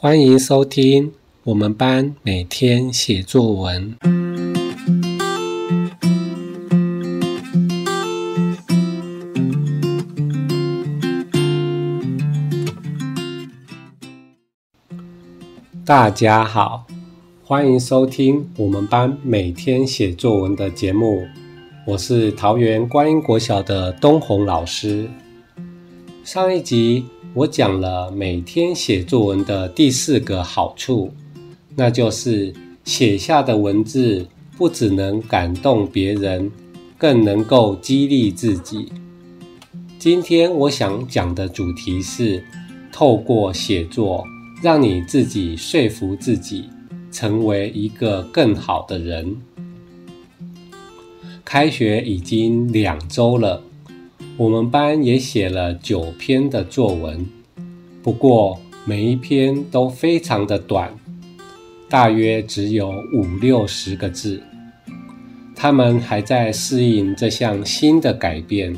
歡迎收聽我們班每天寫作文。大家好，歡迎收聽我們班每天寫作文的節目。我是桃園觀音國小的東紅老師。上一集。我講了每天寫作文的第四個好處，那就是寫下的文字不只能感動別人，更能夠激勵自己。今天我想講的主題是，透過寫作，讓你自己說服自己，成為一個更好的人。開學已經兩週了。我們班也寫了九篇的作文，不過每一篇都非常的短，大約只有五六十個字。他們還在適應這項新的改變。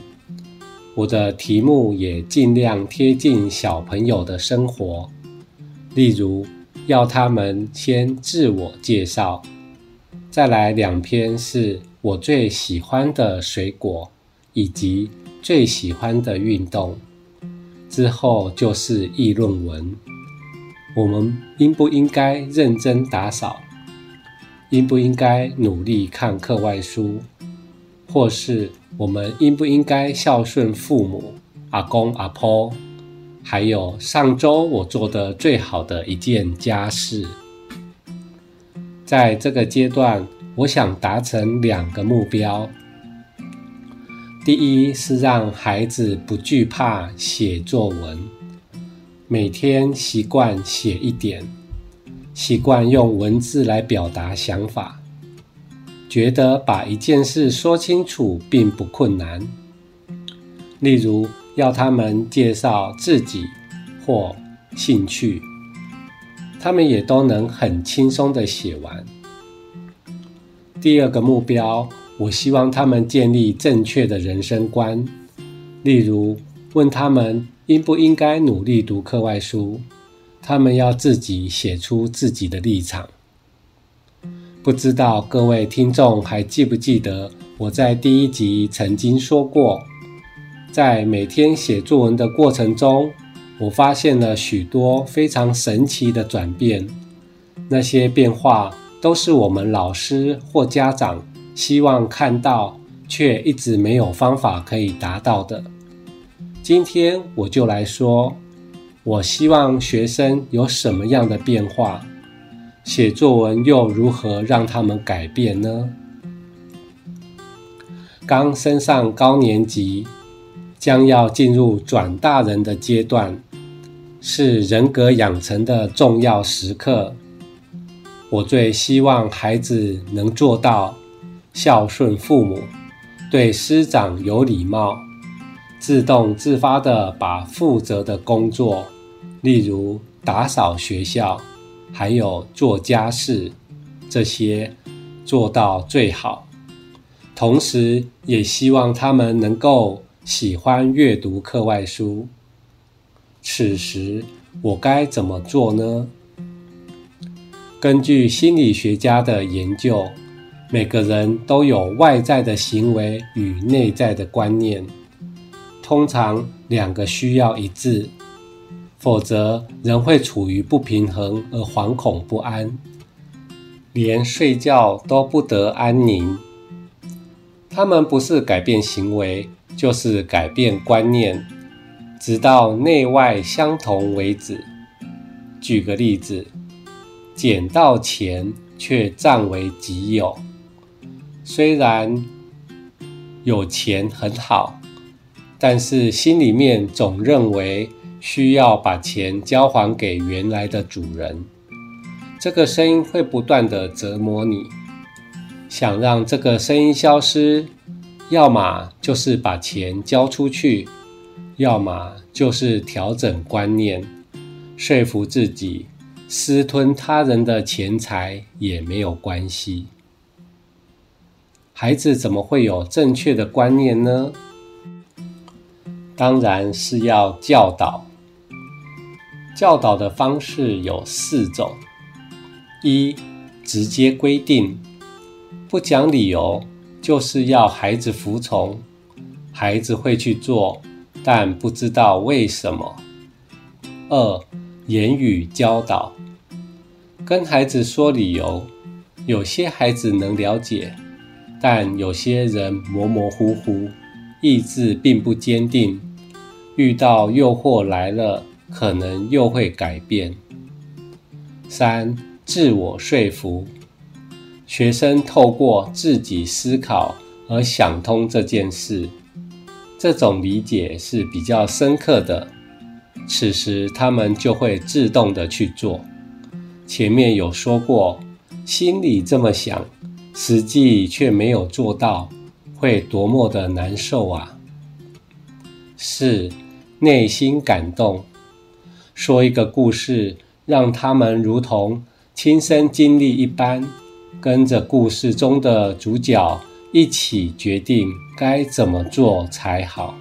我的題目也盡量貼近小朋友的生活，例如要他們先自我介紹，再來兩篇是我最喜歡的水果，以及最喜歡的運動，之後就是議論文。我們應不應該認真打掃？應不應該努力看課外書？或是我們應不應該孝順父母、阿公阿婆？還有上週我做的最好的一件家事。在這個階段，我想達成兩個目標。第一是讓孩子不懼怕寫作文，每天習慣寫一點，習慣用文字來表達想法，覺得把一件事說清楚並不困難。例如要他們介紹自己或興趣，他們也都能很輕鬆地寫完。第二個目標。我希望他們建立正確的人生觀，例如問他們應不應該努力讀課外書，他們要自己寫出自己的立場。不知道各位聽眾還記不記得我在第一集曾經說過，在每天寫作文的過程中，我發現了許多非常神奇的轉變，那些變化都是我們老師或家長。希望看到卻一直沒有方法可以達到的。今天我就來說，我希望學生有什麼樣的變化，寫作文又如何讓他們改變呢？剛升上高年級，將要進入轉大人的階段，是人格養成的重要時刻。我最希望孩子能做到，孝順父母，對師長有禮貌，自動自發的把負責的工作，例如打掃學校，還有做家事，這些做到最好。同時，也希望他們能夠喜歡閱讀課外書。此時，我該怎麼做呢？根據心理學家的研究，每個人都有外在的行為與內在的觀念，通常兩個需要一致，否則人會處於不平衡而惶恐不安，連睡覺都不得安寧。他們不是改變行為，就是改變觀念，直到內外相同為止。舉個例子，撿到錢卻占為己有。雖然有錢很好，但是心裡面總認為需要把錢交還給原來的主人。這個聲音會不斷的折磨你。想讓這個聲音消失，要麼就是把錢交出去，要麼就是調整觀念，說服自己，私吞他人的錢財也沒有關係。孩子怎麼會有正確的觀念呢？當然是要教導。教導的方式有四種：一、直接規定，不講理由，就是要孩子服從，孩子會去做，但不知道為什麼；二、言語教導，跟孩子說理由，有些孩子能了解。但有些人模模糊糊，意志並不堅定，遇到誘惑來了，可能又會改變。三、自我說服，學生透過自己思考而想通這件事，這種理解是比較深刻的，此時他們就會自動的去做。前面有說過，心裡這麼想。實際卻沒有做到，會多麼的難受啊。四、內心感動，說一個故事，讓他們如同親身經歷一般，跟着故事中的主角一起決定該怎麼做才好，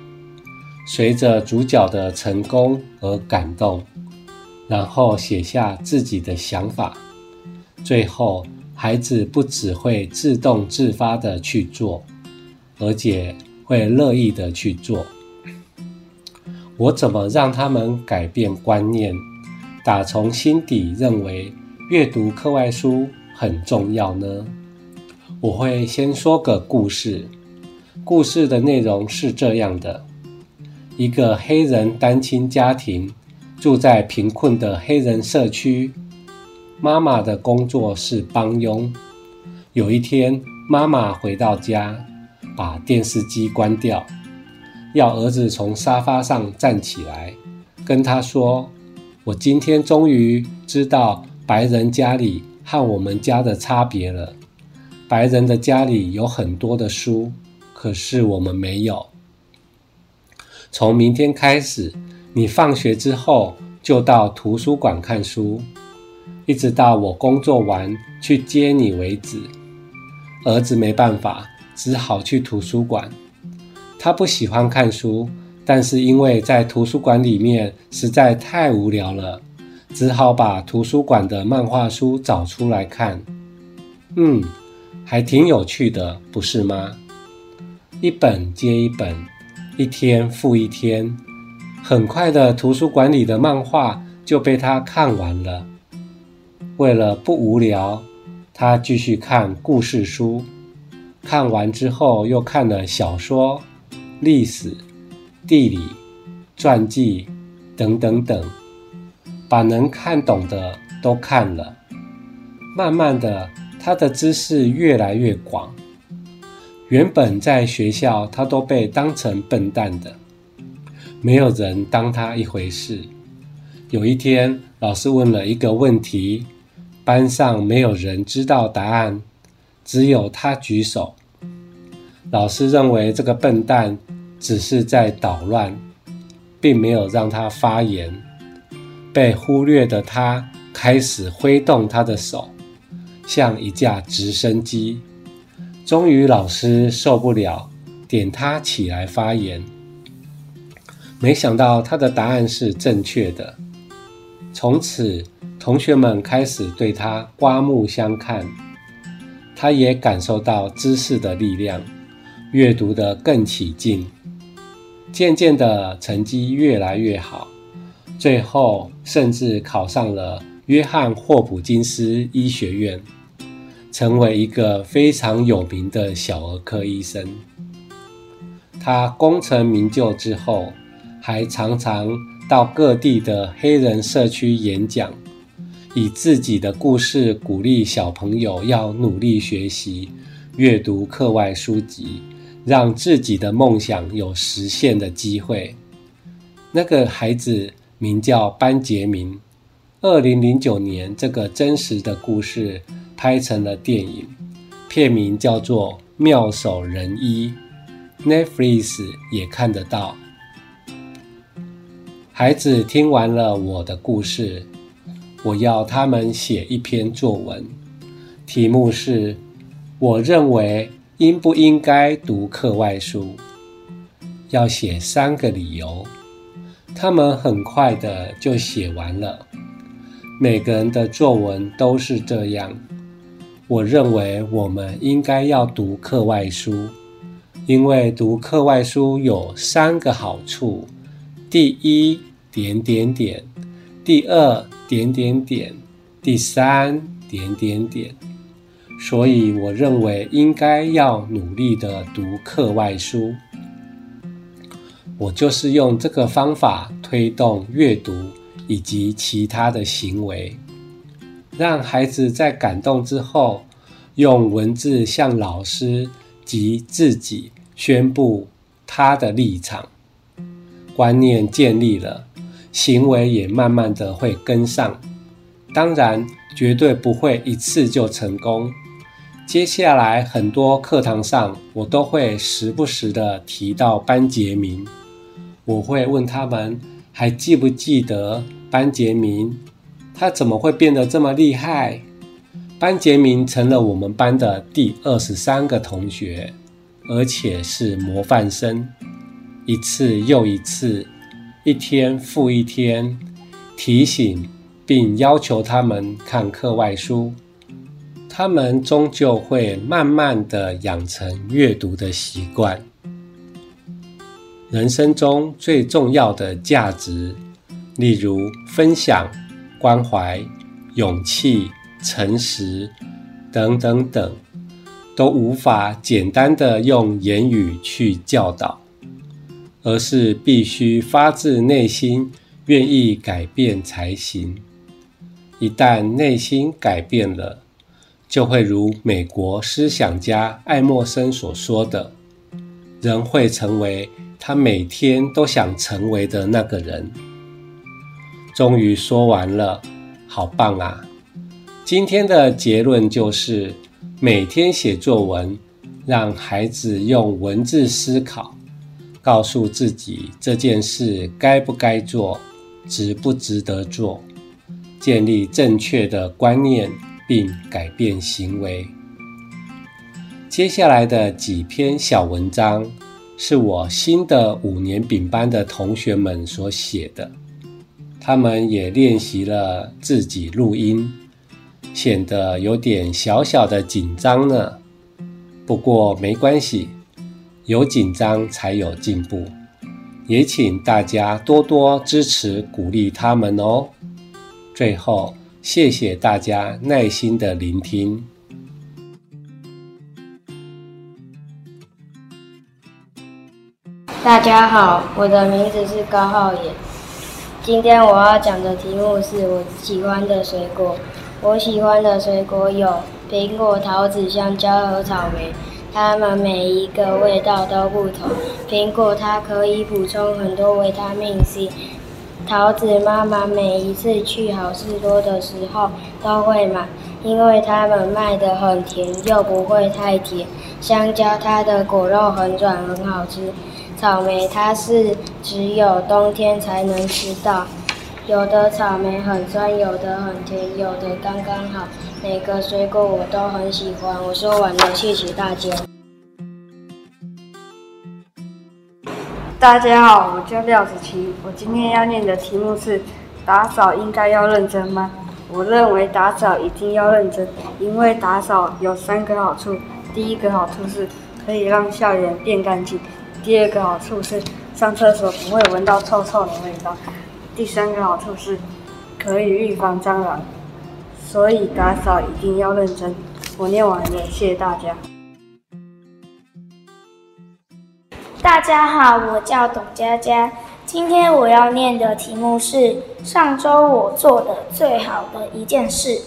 隨着主角的成功而感動，然後寫下自己的想法，最後。孩子不只會自動自發的去做，而且會樂意的去做。我怎麼讓他們改變觀念，打從心底認為閱讀課外書很重要呢？我會先說個故事。故事的內容是這樣的：一個黑人單親家庭住在貧困的黑人社區。媽媽的工作是幫傭。有一天，媽媽回到家，把電視機關掉，要兒子從沙發上站起來，跟他說：“我今天終於知道白人家裡和我們家的差別了。白人的家裡有很多的書，可是我們沒有。從明天開始，你放學之後就到圖書館看書。”一直到我工作完，去接你為止，兒子沒辦法，只好去圖書館。他不喜歡看書，但是因為在圖書館裡面實在太無聊了，只好把圖書館的漫畫書找出來看。嗯，還挺有趣的，不是嗎？一本接一本，一天復一天，很快的，圖書館裡的漫畫就被他看完了。為了不無聊，他繼續看故事書，看完之後又看了小說、歷史、地理、傳記等等等，把能看懂的都看了。慢慢的，他的知識越來越廣。原本在學校他都被當成笨蛋的，沒有人當他一回事。有一天，老師問了一個問題。班上沒有人知道答案，只有他舉手。老師認為這個笨蛋只是在搗亂，並沒有讓他發言。被忽略的他開始揮動他的手，像一架直升機。終於，老師受不了，點他起來發言。沒想到他的答案是正確的。從此，同學們開始對他刮目相看，他也感受到知識的力量，閱讀得更起勁，漸漸的成績越來越好，最後甚至考上了約翰霍普金斯醫學院，成為一個非常有名的小兒科醫生。他功成名就之後，還常常到各地的黑人社區演講。以自己的故事鼓勵小朋友要努力學習、閱讀課外書籍，讓自己的夢想有實現的機會。那個孩子名叫班杰明。二零零九年，這個真實的故事拍成了電影，片名叫做《妙手仁醫》。Netflix 也看得到。孩子聽完了我的故事。我要他們寫一篇作文，題目是“我認為應不應該讀課外書”，要寫三個理由。他們很快的就寫完了。每個人的作文都是這樣。我認為我們應該要讀課外書，因為讀課外書有三個好處：第一，點點點；第二。點點點，第三點點點，所以我認為應該要努力的讀課外書。我就是用這個方法推動閱讀以及其他的行為，讓孩子在感動之後，用文字向老師及自己宣布他的立場，觀念建立了。行為也慢慢的會跟上，當然絕對不會一次就成功。接下來很多課堂上，我都會時不時的提到班傑明，我會問他們還記不記得班傑明？他怎麼會變得這麼厲害？班傑明成了我們班的第二十三個同學，而且是模範生，一次又一次。一天復一天，提醒並要求他們看課外書，他們終究會慢慢的養成閱讀的習慣。人生中最重要的價值，例如分享、關懷、勇氣、誠實等等等，都無法簡單的用言語去教導。而是必須發自內心願意改變才行。一旦內心改變了，就會如美國思想家愛默生所說的，人會成為他每天都想成為的那個人。終於說完了，好棒啊！今天的結論就是，每天寫作文，讓孩子用文字思考。告訴自己這件事該不該做，值不值得做，建立正確的觀念並改變行為。接下來的幾篇小文章是我新的五年丙班的同學們所寫的，他們也練習了自己錄音，顯得有點小小的緊張呢。不過沒關係。有緊張才有進步，也請大家多多支持鼓勵他們哦。最後，謝謝大家耐心的聆聽。大家好，我的名字是高浩野。今天我要講的題目是我喜歡的水果。我喜歡的水果有蘋果、桃子、香蕉和草莓。它們每一個味道都不同。蘋果它可以補充很多維他命 C。桃子媽媽每一次去好市多的時候都會買，因為它們賣的很甜又不會太甜。香蕉它的果肉很軟很好吃。草莓它是只有冬天才能吃到，有的草莓很酸，有的很甜，有的剛剛好。每個水果我都很喜歡。我說完了，謝謝大家。大家好，我叫廖子琪，我今天要念的題目是：打掃應該要認真嗎？我認為打掃一定要認真，因為打掃有三個好處。第一個好處是可以讓校園變乾淨；第二個好處是上廁所不會聞到臭臭的味道；第三個好處是可以預防蟑螂。所以打掃一定要認真。我念完了，謝謝大家。大家好，我叫董佳佳。今天我要念的題目是上周我做的最好的一件事。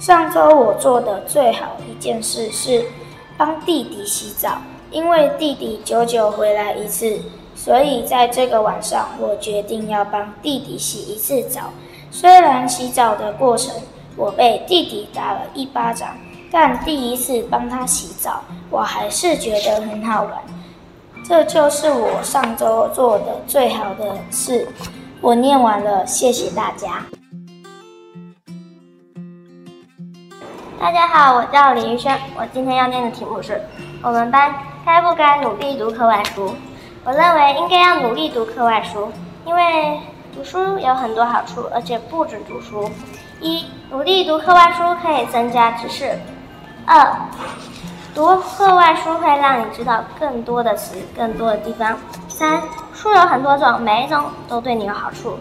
上周我做的最好一件事是幫弟弟洗澡，因為弟弟久久回來一次，所以在這個晚上我決定要幫弟弟洗一次澡。雖然洗澡的過程，我被弟弟打了一巴掌，但第一次幫他洗澡，我還是覺得很好玩。這就是我上周做的最好的事。我念完了，謝謝大家。大家好，我叫李玉軒，我今天要念的題目是：我們班該不該努力讀課外書？我認為應該要努力讀課外書，因為讀書有很多好處，而且不止讀書。一、努力讀課外書可以增加知識。二、讀課外書會讓你知道更多的詞，更多的地方。三、書有很多種，每一種都對你有好處。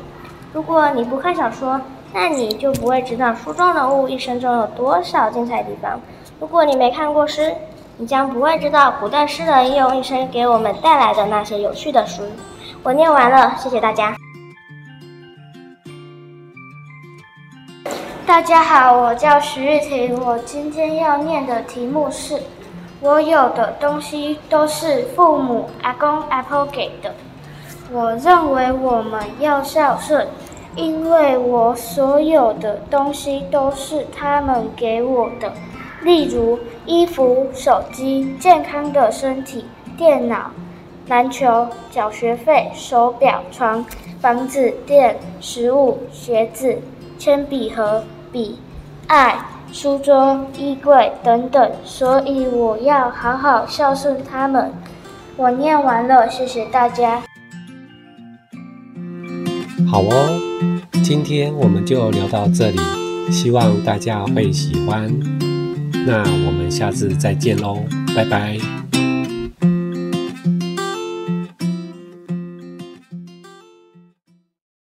如果你不看小說，那你就不會知道書中人物一生中有多少精彩的地方。如果你沒看過詩，你將不會知道古代詩人用一生給我們帶來的那些有趣的書。我念完了，謝謝大家。大家好，我叫徐玉婷。我今天要念的題目是：我有的東西都是父母、阿公、阿婆給的。我認為我們要孝順，因為我所有的東西都是他們給我的。例如，衣服、手機、健康的身體、電腦、籃球、繳學費、手表、床、房子、電、食物、鞋子、鉛筆盒。筆、愛、書桌、衣櫃等等，所以我要好好孝順他們。我念完了，謝謝大家。好哦，今天我們就聊到這裡，希望大家會喜歡。那我們下次再見嘍，拜拜。